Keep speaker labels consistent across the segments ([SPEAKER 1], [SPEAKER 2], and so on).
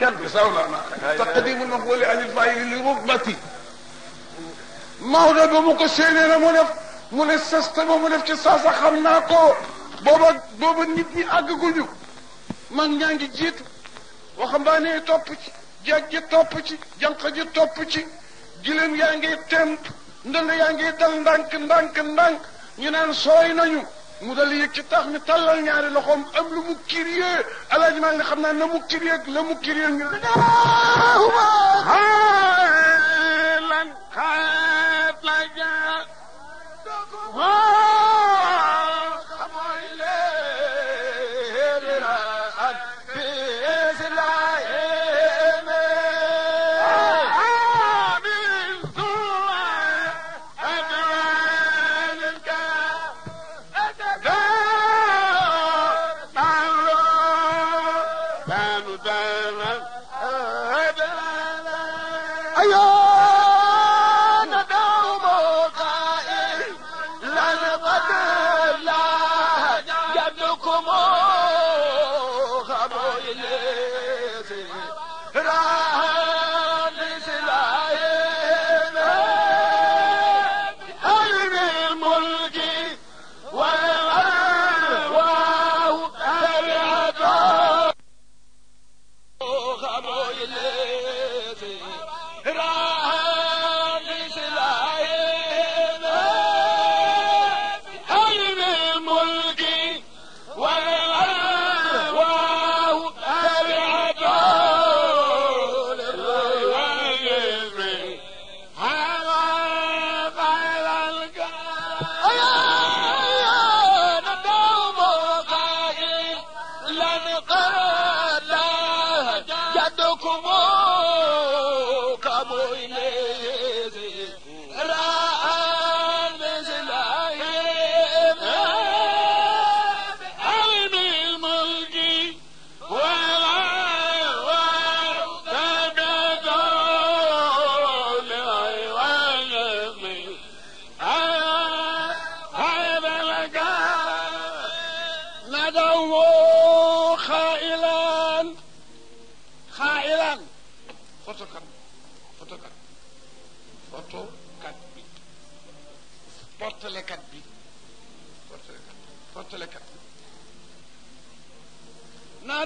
[SPEAKER 1] كلب سولانا تقديم المقبول عن الفاعل لرغبتي Maodo ba mu ko séenee mu def mu ne sës mu def ci saasa xam naa ko booba booba nit ñi àggaguñu mag ñaa ngi jiitu waxambaane topp ci jeeg ji topp ci jànq ji topp ci gileem yaa ngi temp ndënd yaa ngi dal ndànk ndànk ndànk ñu naan sooy nañu mu dal yëg ci tax mi tàllal ñaari loxoom am lu mu kiriyee alaaji maa ngi xam naa na mu kiriyee la mu kiriyee ngi allahuma
[SPEAKER 2] xaylan xayla ja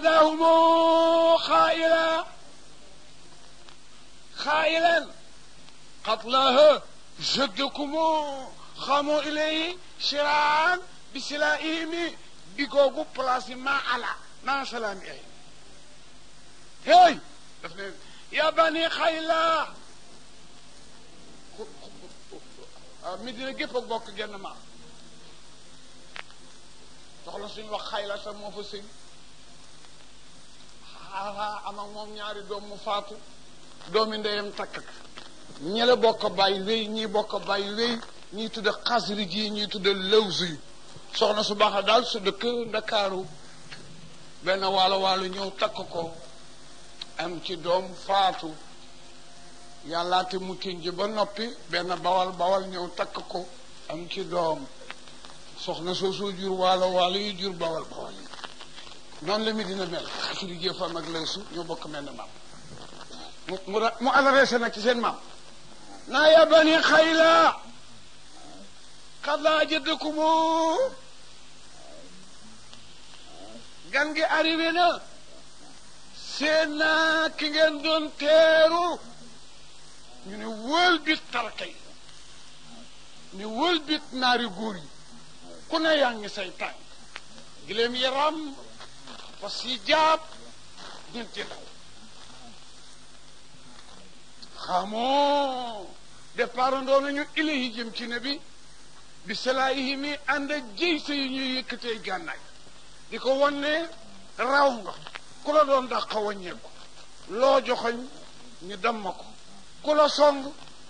[SPEAKER 1] فناداهم خائلا خائلا قتلاه جدكم خاموا إليه شراعا بسلائهم بيكوكو بلاسي ما على ما سلام إليه هاي يا بني خيلا Medina gépp ak bokk genn maam soxla suñu wax xayla sax moo fa sëñ Awa moom ñaari doom mu faatu doomi ndeyam takk ñele bokk bàyyi wéy ñii bokk bàyyi wéy ñii tudde xasri ji ñii tudde lëwsu yi soxna su baax a daal su dëkk ndakaaru benn waalo waalo ñëw takk ko am ci doom faatu yàllaate mu tinji ba noppi benn bawal bawal ñëw takk ko am ci doom soxna soo soo jur waalo waalo yu jur bawal bawal noonu la mi dina mel ak li jëfam ak laysu ñoo bokk mel na maam mu mu mu adressé nag seen maam naa ya bani xayla xad laa jëddakumu gan gi arrivé na seen naa ki ngeen doon ñu ne wël bit tarkay ñu wël bit naari góor yi ku ne yaa ngi say tànk gileem yaram fas yi jaab ñun ci daw xamoo départ ndoo nañu ilahi jëm ci ne bi bi salaayihi mi ànd ak jëysa yi ñuy yëkkatee gànnaay di ko wan raw nga ku la doon dàq wàññeeku loo joxoñ ñu damm ko ku la song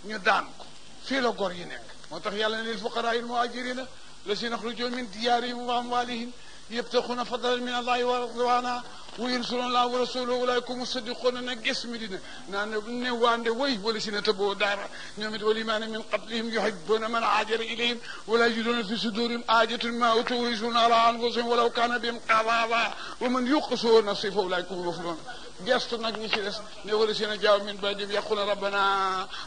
[SPEAKER 1] ñu daan ko fii la gor yi nekk moo tax yàlla ne lil fuqaraa il muhaajiriina lazina axrujuu min diyaarihim wa amwaalihim يبتغون فضلا من الله ورضوانا وينصرون الله ورسوله اولئك هم الصديقون نك اسم دينا نان واند وي ولا سنه تبو دار نيوم والايمان من قبلهم يحبون من عاجر اليهم ولا يجدون في صدورهم حاجة ما اوتوا ويجدون على انفسهم ولو كان بهم قرابا ومن يقصوا نفسه فاولئك هم المفلحون جست نك ني سيدس ني ولا سنه جاو من بعدهم يقول ربنا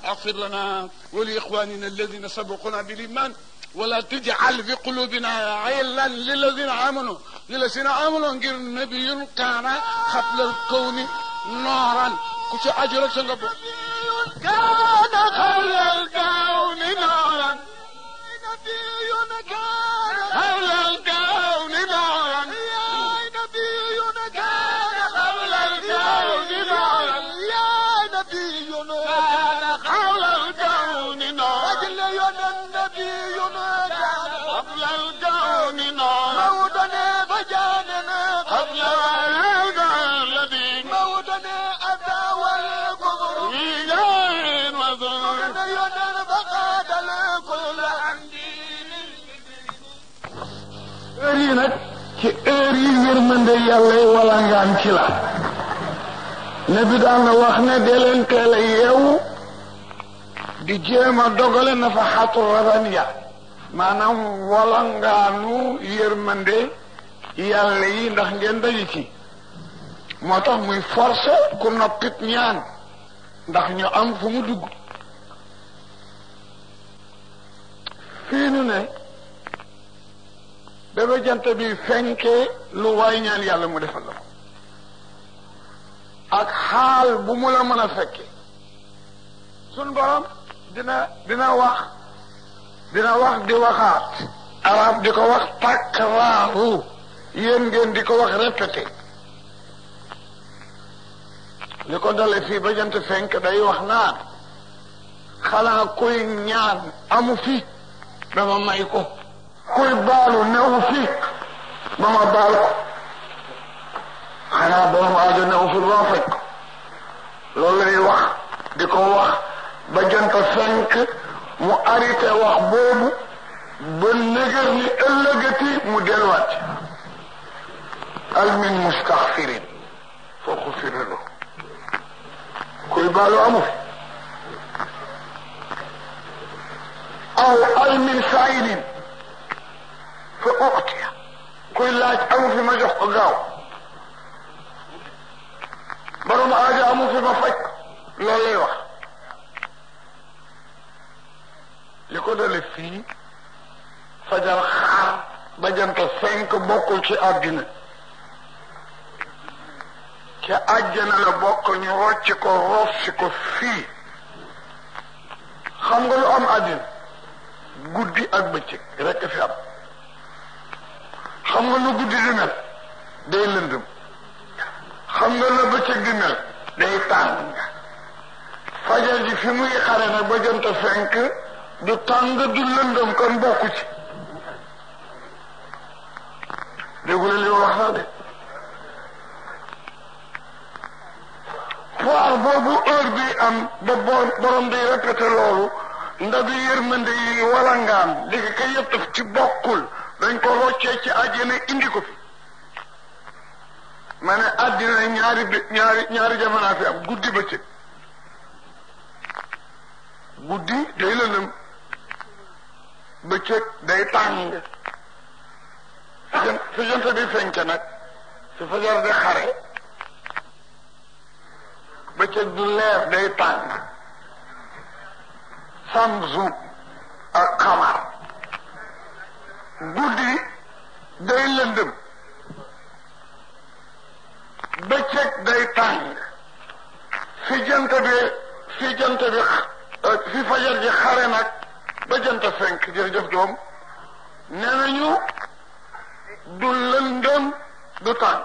[SPEAKER 1] اغفر لنا ولاخواننا الذين سبقونا بالايمان wala tujal fi qulubina illan lilladina amanu lilladina amanu ngir nabiyun kaana xablal kawni nooran ku ci aju rek sa nga bokk
[SPEAKER 2] kaana xablal kawni nooran
[SPEAKER 1] heure yi nag ci heure yi yërmande yàlla yi wala ci la ne bi daan na wax ne dee a yeewu di jéem dogale na fa xatu raban ya maanaam wala ngaanu yërmande yi ndax ngeen daje ci moo tax muy forcé ku noppit ñaan ndax ñu am fu mu dugg fii nu ne ba ba bi fenkee lu waay ñaan yàlla mu defal la ko ak xaal bu mu la mën a fekkee sun borom dina dina wax dina wax di waxaat arab di ko wax takraaru yéen ngeen di ko wax répété li ko dale fii ba jant day wax naan xanaa kuy ñaan amu fi dama may ko kuy baalu newu fi ba ma ba ma faj ko loolu lay ba jant fenk mu arrêté wax boobu ba nëgër ni ëllëgati mu delluwaat al min mustaxfirin foo ko firilo kuy baalu amu fi al min saidin uxtiya kuy laaj amu fi ma jox ko gaaw borom aaja amu fi ma faj loolu lay li ko dale fii fajar xaar ba jant cinq bokkul ci àddina ci àjjana la bokk ñu rocci ko rof ko fii xam nga lu am àddina guddi ak bëccëg rekk fi am xam nga lu guddi di mel day lëndëm xam nga la bëccëg di mel day tàng fajar ji fi muy xare nag ba fenk du tàng du lëndëm kon bokku ci déggu la li ma wax sax de poir boobu heure bi am ba borom day répété loolu ndax du yërmande yi walangaan léegi ka yëpp ci bokkul dañ ko roccee ci àjjana indi ko fi ma ne àddina ñaari ñaari ñaari jamono fi am guddi bëccëg guddi day lëndëm bëccëg day tàng su jant bi fenke nag su fajar di xare bëccëg du leer day tàng samsu ak xamar guddi day lëndëm bëccëg day tàng fi jant bi fi jant bi euh, fi fajar ji xare nag ba jant fenk jërëjëf doom nee nañu du lëndëm du tàng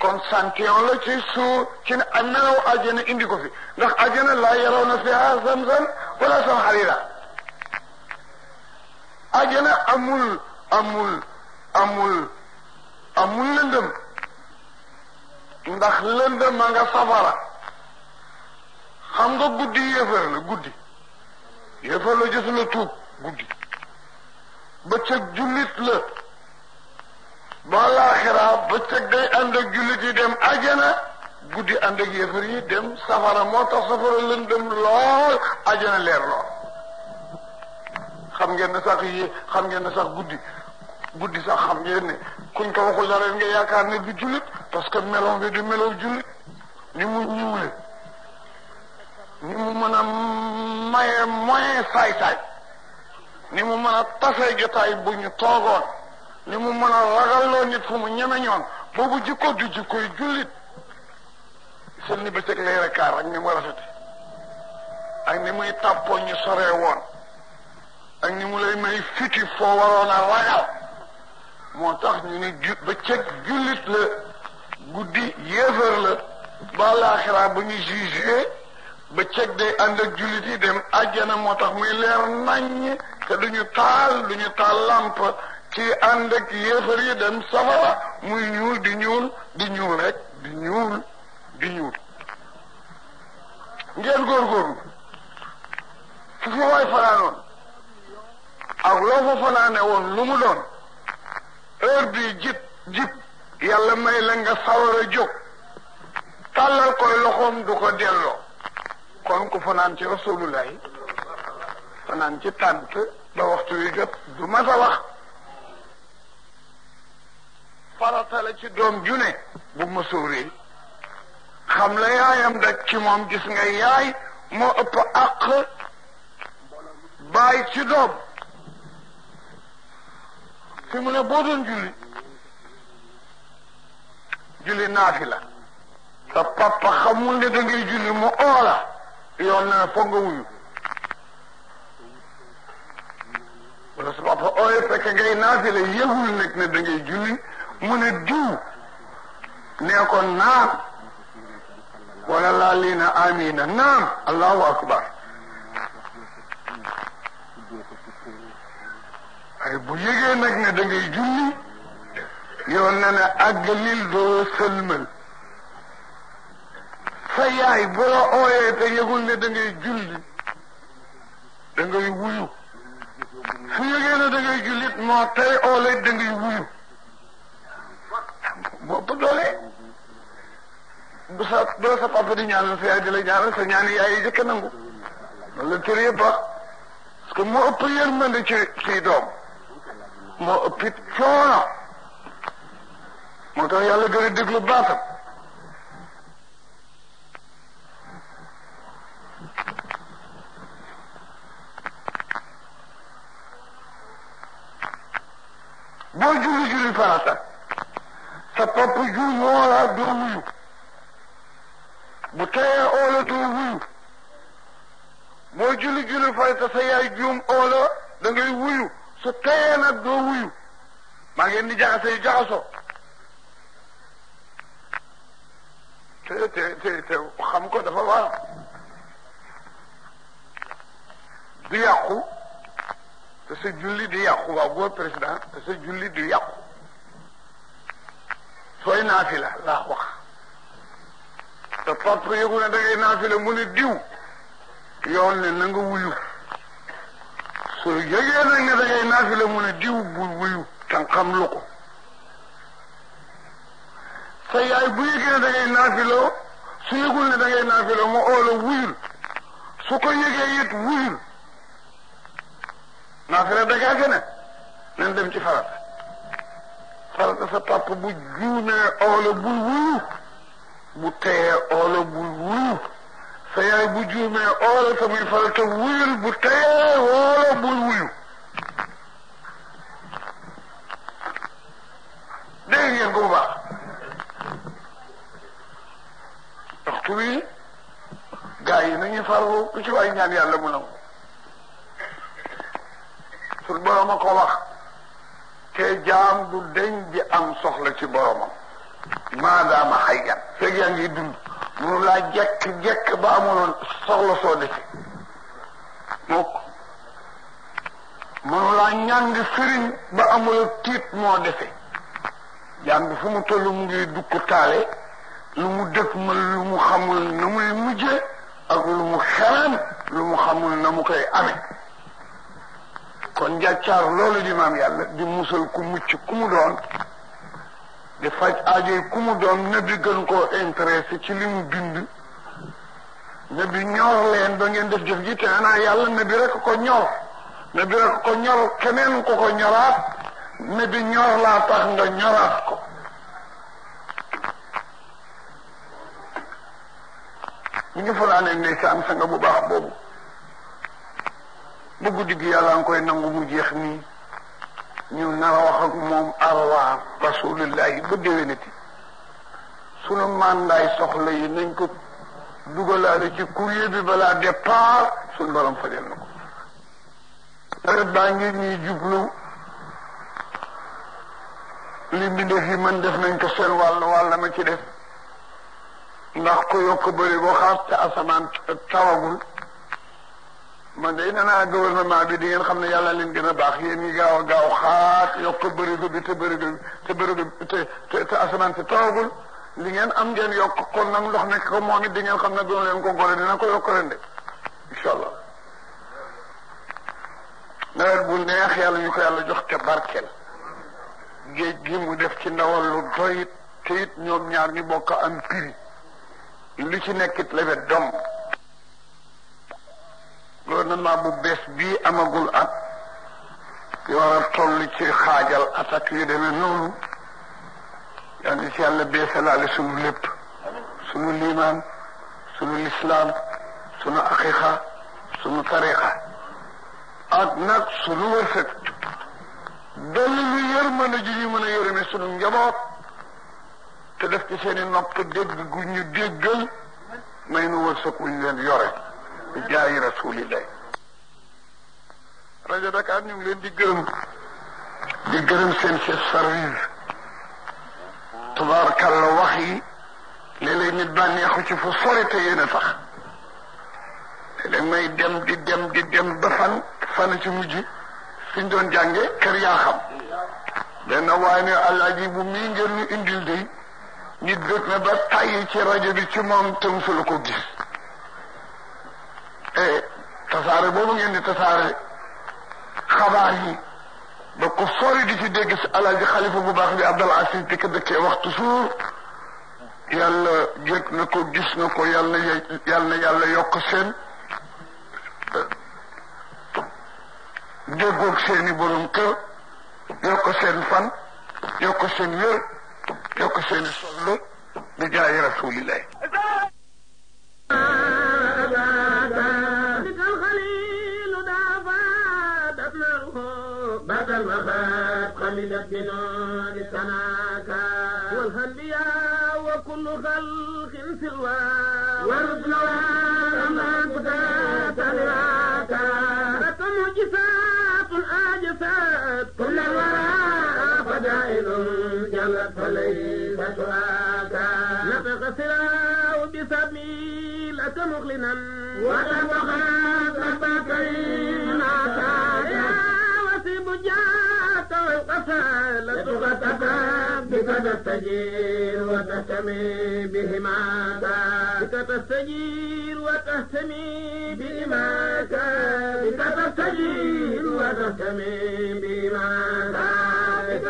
[SPEAKER 1] kon la ci suur ci ne nelaw indi ko fi ndax àjjana laa yaroon na fiha zamzam wala sam xarira ajana amul amul amul amul lëndëm ndax lëndëm a nga safara xam nga guddi yéefar la guddi yéefar la jësu la tuub guddi bëccëg jullit la ba laaxiraa bëccëg day ànd jullit yi dem ajana guddi ànd ak yéefar yi dem safara moo tax safara lëndëm lool ajana leer lool xam ngeen ne sax xam ngeen ne sax guddi guddi sax xam ngeen ne kuñ ko waxul dara nga yaakaar ne du jullit parce que melon bi du melow jullit ni mu ñuule ni mu mën a maye moyen saay-saay ni mu mën a tasee jotaay bu ñu toogoon ni mu mën a ragalloo nit fu mu ñemeñoon boobu jikko du jikkoy jullit seen ni bëccëg lay rekkaar ak ni mu rafete ak ni muy tàppoo ñu soree woon ak ni mu lay may fiti foo waroon a moo tax ñu ne ju jullit la guddi yéefar la ba laaxiraa ba ñu jugé ba cëg day ànd ak jullit yi dem àjjana moo tax muy leer naññ te duñu taal duñu taal làmp ci ànd ak yéefar yi dem safara muy ñuul di ñuul di ñuul rek di ñuul di ñuul ngeen góorgóorlu fu fi waay faraanoon aw loo fa fanaane woon lu mu doon heure bi jib jib yàlla may la nga sawar a jóg tàllal koy loxoom du ko delloo kon ku fanaan ci rasulullahi fanaan ci tànt ba waxtu wi jot du mas wax farata la ci doom ju ne bu mësuuri xam la yaayam dak moom gis nga yaay moo ëpp àq bàyyi ci doom fi mu ne doon julli julli naafi la sa xam xamul ne da ngay julli mu oola yoon na foog wuyu wala sa papa ooye fekk ngay naafi la yëgul nag ne da julli mu diw nee ko naam wala laa lii na naam allahu akbar waaye bu yégee nag ne da julli yoon na ne àggalil doo sëlmal sa yaay bu la ooyee te yëgul ne da julli da wuyu su yëgee ne da ngay jullit tey oole da ngay wuyu bopp doole bu sa doo sa papa ñaanal sa yaay di la ñaanal sa ñaani yaay yi jëkk nangu loolu la tër yëpp parce que moo ëpp yërmande ci ci doom moo ëppit coono moo tax yàlla gën a déglu baatam boo julli julli farata sa papp jur moo laa wuyu bu teyee oola doo wuyu boo julli julli farata sa yaay juum oola da wuyu su teyee nag doo wuyu maa ngeen di jaxase yu jaxasoo te te te xam ko dafa war du yàqu te sa julli du yàqu waaw boo président te sa julli du yàqu sooy naafila laa wax te papa yëgu ne da ngay mu ne diw yoon ne na nga wuyu soo yëgee nag ne da ngay naafila mu ne diw bu wuyu tan xam lu sa yaay bu yëgee ne da ngay naafiloo su yëgul ne da naafiloo mu oola wuyul su ko yëgee it wuyul naafila da gaa gën dem ci farata farata sa papa bu juumee oola bul wuyu bu teyee oola bul wuyu sa yaay bu juumee oola sa muy farata wuyul bu teyee lu ci waay ñaan yàlla mu nangu sur borooma ko wax te jaam du deñ di am soxla ci boroomam maadaama xayyan feeg yaa ngi dund munu laa jekk-jekk ba amuloon soxla soo defe mukk munu laa ñàng sëriñ ba amuloo tiit moo defe jaam bi fu mu toll mu ngi dukk taale lu mu dëkk mën lu mu xamul na muy mujje war lu mu xelam lu mu xamul na mu koy amee kon njàccaar loolu di maam yàlla di musal ku mucc ku mu doon di faj aajoy ku mu doon nabi gën koo intéressé ci li mu bind nabi ñor leen ba ngeen def jëf ji te anaa yàlla nabi rek ko ñor nabi rek ko ñor keneen ko ko ñoraat nabi ñor laa tax nga ñoraat ñu ngi fanaane ndeysaan sanga bu baax boobu bu guddi gi yàlla nga koy nangu mu jeex nii ñu nar a wax ak moom arwaa rasulillahi ba déwénati sunu mandaay soxla yi nañ ko dugalaale ci courrier bi balaa départ suñu borom fajal na ko nawet baa ngi ñuy jublu li mbindeef yi mën def nañ ko seen wàll wàll ma ci def ndax ko yokk bëri boo xaas te asamaan tawagul man de nee naa gouvernement bi di ngeen xam ne yàlla leen gën a baax yéen ñi gaaw a gaaw xaat yokk bërigo bi te bërigo te bërigo te te asamaan si tawagul li ngeen am ngeen yokk kon nag ndox nekk ko moom it di ngeen xam ne doon leen ko gore dina ko yokk leen de incha allah nawet bu neex yàlla ñu ko yàlla jox te barkeel géej gi mu def ci ndawal lu doy te it ñoom ñaar ñu bokk am prix li ci nekkit lewet dom gouvernement bu bees bii amagul at ki a toll ci xaajal attaque yu demee noonu yàlla ci yàlla beesalaale sunu lépp sunu liimaan sunu lislaam sunu aqiqa sunu tariqa ak nag sunu wërsëg dolli lu yërmande ji ñu mën a yërëme sunu njaboot te def ci i nopp dégg gu ñu déggal may nu wërsëg wu ñu leen yore bi jaayi rasulillahi rajo Dakar ñu ngi leen di gërëm di gërëm seen chef service tabaarakalla wax yi léeg-léeg nit bànneexu ci fu sori te yéen a tax may dem di dem di dem ba fan fan ci mujj fi doon jànge kër yaa xam benn waaye ne alaaji bu mii ngeen ñu indil day nit bëgg na ba tàyyi ci rajo bi ci moom tam fa la ko gis e tasaare boobu ngeen di tasaare xabaar yi ba ko sori di ci dégg si alaaji xalifa bu baax bi Abdal Aziz di ko dëkkee waxtu suur yàlla jëkk na ko gis na ko yàlla yàlla yàlla yokk seen déggoog seeni borom kër yokk seen fan yokk seen wér yokk seen i soxla di jaay rasulilah.
[SPEAKER 2] والأنبياء وكل خلق سواه ورد عليه فتواكا نفق سلاو بسبيلك مخلنا وتبقى تبقينا يا وسيب جاءت والقفا لتغتك بك تستجير وتهتمي بهماك بك تستجير وتهتمي بهماك بك تستجير وتهتمي بهماك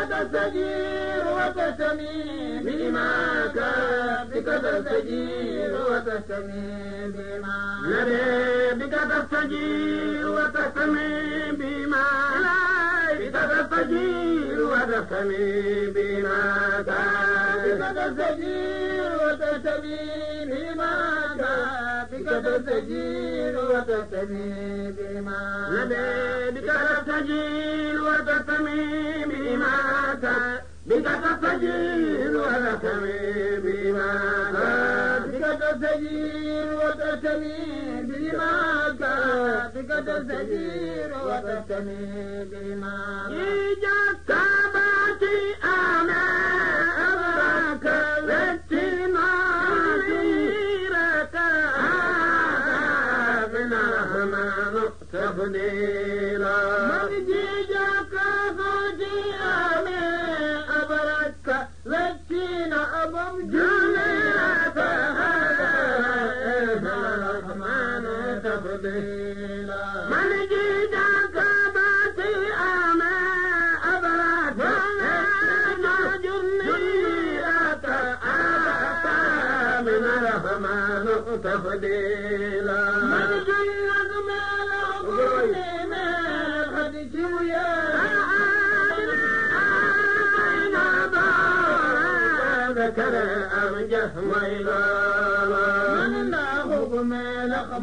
[SPEAKER 2] تستجير وتستميل بإماك بك تستجير وتستميل بما لدي بك تستجير وتستميل بما بك تستجير وتستميل بما بك تستجير وتستميل بما تستجيل وتسمي بما بك تستجيل وتسمي بما بك
[SPEAKER 1] تستجيل وتسمي
[SPEAKER 2] بما بك تستجيل وتسمي بما بك تستجيل وتسمي بما إجابتي آمين تفضيلا من جيجاك فوجي آمين أبرك لكينا أبم جيجاك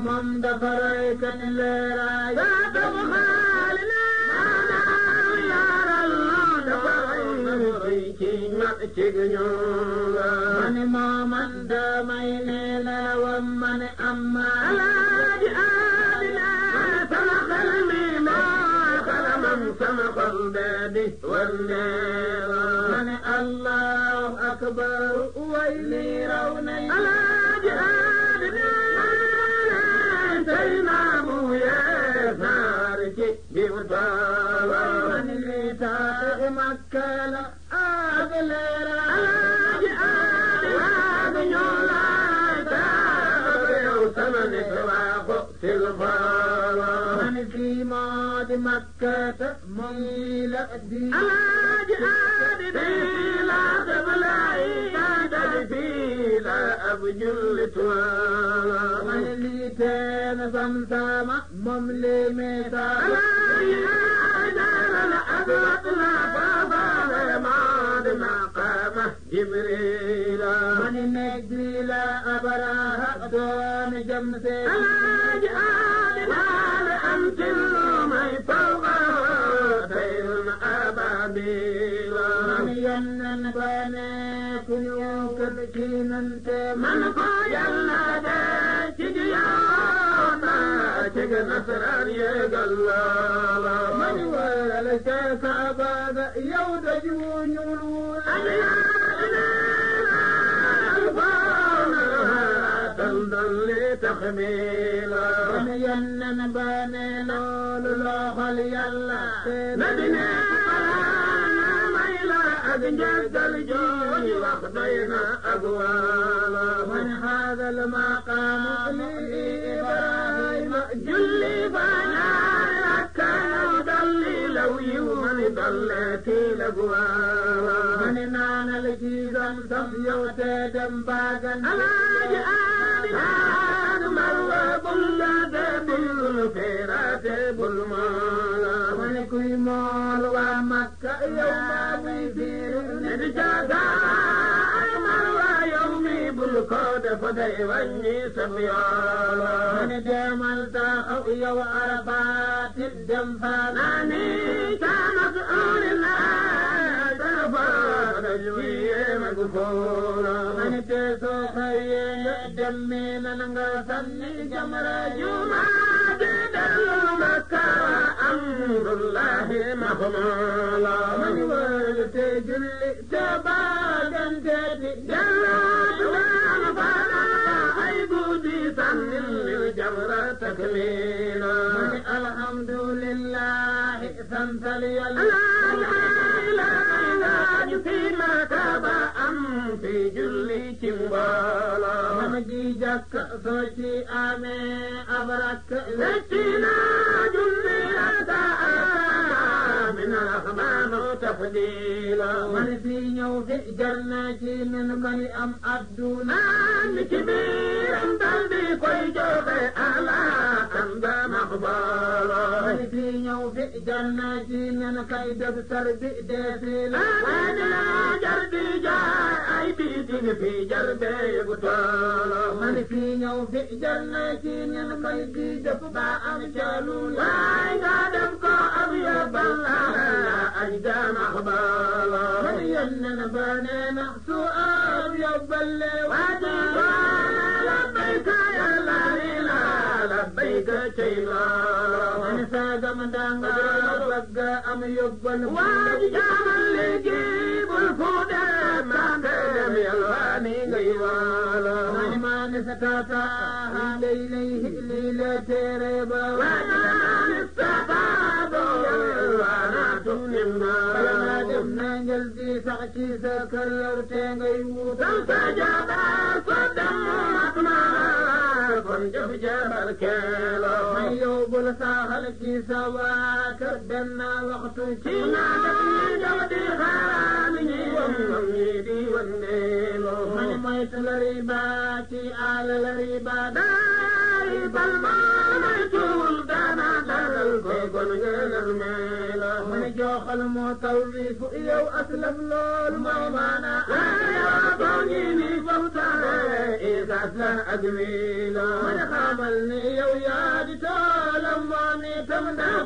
[SPEAKER 2] من دبرای کتل را یا تبخال لا یار الله دبرای کی نت چگنیولا من ما من دمین لو من اما علاج آلنا تنقل مما خلمم سمقر داده والنيرا من الله مكة ميلة دي لا تبلعي كادت فينا أبجلتها ولي تين سمسامة مملي ميتا أنا يا دار الأزرق لا فضل ماد ما قامه جبريل من نجري لا أبراها دون جمسي أنا جاء jëlinante man ko yàlla de ci ji yoona ci ga nasaraan yéegal loola man waral ca kaaba ga yow daju ñuul wuul kon yenn ba ne loolu loo xool yàlla na dina may la ak njëggal jooju wax doy na الأكوان من هذا المقام لي إبراهيم جلي فانا كان ضلي لو يوم ضلت الأكوان من نانا لجيزم سميو تدم باغن على جآل مرة بلا دبل فيرات بالمال من كل مال ومكة يوم خدر واني سقيانا من ديمال تاخويا وعرفات الدم فاناني كمسؤول الله ترفع رجلي مقفولا من تسوخي الدم من غسل جمر جمال مكة أمر الله مهمالا من ولد جل تبادا جد جلاد ما نفالا أيبو دي سن للجمرة تكمينا من الحمد لله سنسلي الله لا إله إلا فيما تبا am tey julli ci mbooloo man gi jàkk soo ci amee ab rakk قليلا man fi ñëw fi jar naa ci nun mani am adduna mi ci biiram dal di koy joxe ala am da maxbala man fi ñëw fi jar naa ci nun kay def sar bi deefila wane jar bi jaar ay bi dig fi jar beegu toolo man fi ñëw fi jar naa ci nun may di def ba am jalula waay nga def ko am yóbbal la ay da maxbala أقبالا من يمن بانينا سؤال يبلي وجبالا لبيك يا لاليلا لبيك شيلا من ساقم دانا بقى أم يقبل واجب اللي يجيب الفودة ما كلم يلواني قيوالا من ما نسكاتا إليه ليلة ريبا واجب bala def méngel bi sax ci sa kër yow te ngay wut. sal sa jabar sa demoon naa kon jëf jabar keeloo. may bul saaxal ci sa kër benn waxtu ci. naa def ñuy di xaaraam ñi wam wam ñi di wandeeloo. may moytu riba ci àll riba daal bal ma may tuul ñaanal ko kon nga nërmeela mu ne jooxal moo taw bi fu yow aslam lool moo maana yaa boo ngi ni fawtaare isaas la admila mu ne xamal ni yow yaa di toolam moo ni tam ndaa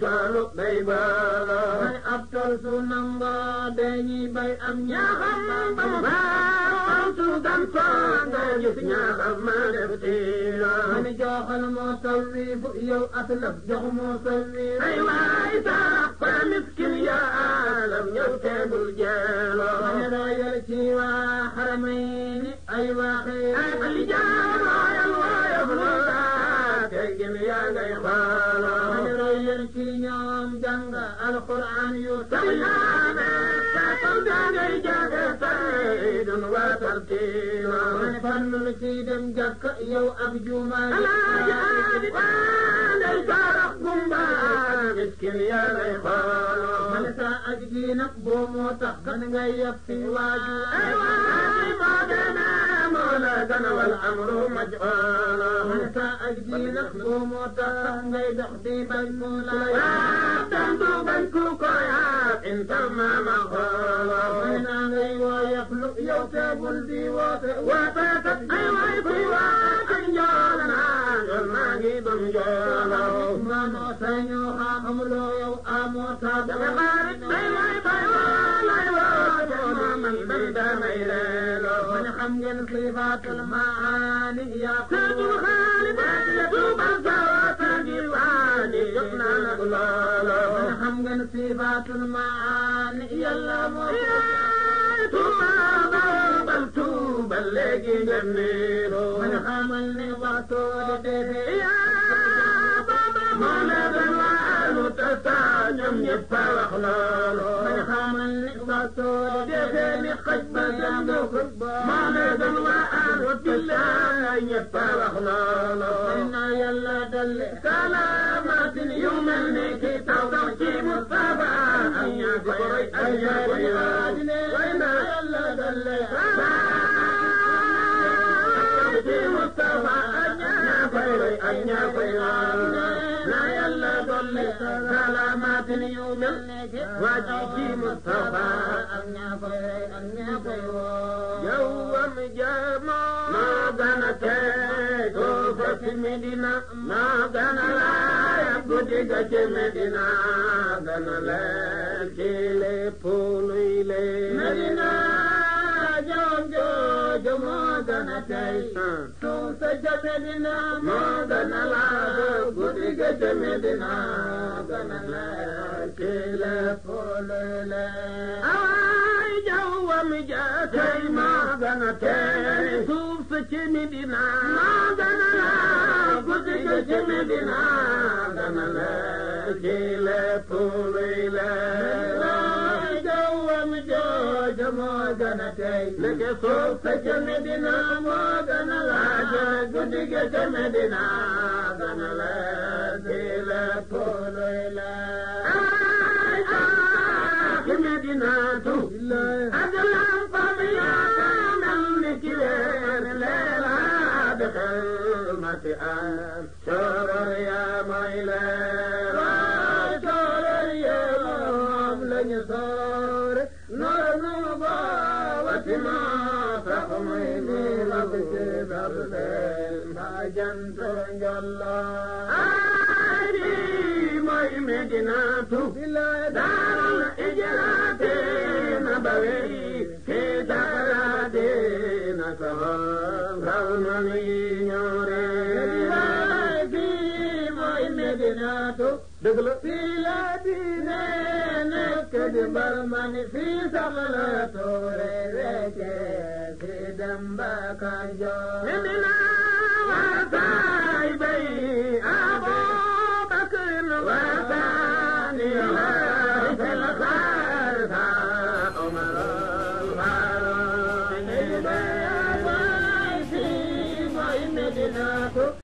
[SPEAKER 2] tollu bay baala may ab tool su nangoo dañuy bay am ñaaxam ba waaw su gan sonde ñu fi ñaaxam ma def tiila ma ni joxal moo sawi bu yow aslaf jox moo sawi ay waay sax ba miskin yaa alam ñëw teebul jeelo ma ni royal ci waa xaramay ni ay waaxee ay xali jaar royal royal mu yaa ngay xaar ci ñoom jàng alquran yu a tatam dangay jàng saydun wa tartiba man fannul ci dem jàkk yow ab jumaa alaajaani day sarax gumba miskin yaa lay xool man sa aj gi nag boo moo tax kan ngay yab si waaju ay waaju moo demee ولا دنا والأمر مجهول وانت أجدي نخدم وتنجي دخدي بنكولا يا تنتو بنكوكا يا انت ما مغول وهنا غي ويخلق يوتاب البي وتتت أيوة يطيوا أنجولنا جرنا جيبن جولا ما نوتين يوحاكم لو يو أموتا بغارك أيوة يطيوا لا يواجه ما من بندم إليه am ngeen silfatul maani yaa saabul xaalidaatu basawaata diwaani yëpp naa na ko loolo xam ngeen silfatul maani yàlla moo tuuba léegi ngeen niiroo man xamal ni waxtu defe yaa baba moo la doon waalu te saa ñoom ñëpp a wax loolo قد بلغنا معنى وآل وبالله يتبخنا لصينا يلا دل سلامات اليوم الميكي توقي مصطفى أن يقري أن يقري وينا يلا دل سلامات مصطفى أن يقري أن يقري waajal ci Mustafa am ñaa koy am ñaa koy woo yow am jaamoo maa gana tey doo fa ci Medina maa gana laay ab guddi ga ci Medina gana leen ci lépp luy leen Medina gën a tey suuf sa ja Medina moo gën a laal guddi ga ja Medina gën a laal kii la foole la ay jaw wa mi ja tey moo gën a tey suuf sa ci Medina moo gën a laal guddi ga ja Medina gën a laal kii la foole la doom jooja moo gën a tey léegi suuf sa ca Medina moo gën a laaja guddi ga ca Medina gën a leer di la kooloy leer ay ay ci Medina tu ak lampam yaa mel ni ci weer leeraat xel ma ci aan cooroor yaa mooy leer Yerusalem hajantu jalla moy Medinatu daaral ijraate nabawi fi daaraade na saxoon xalman yi ñoore fi moy Medinatu dëgg la fi la diine nekk di mbarmani fi sax la toore Samba Kajoor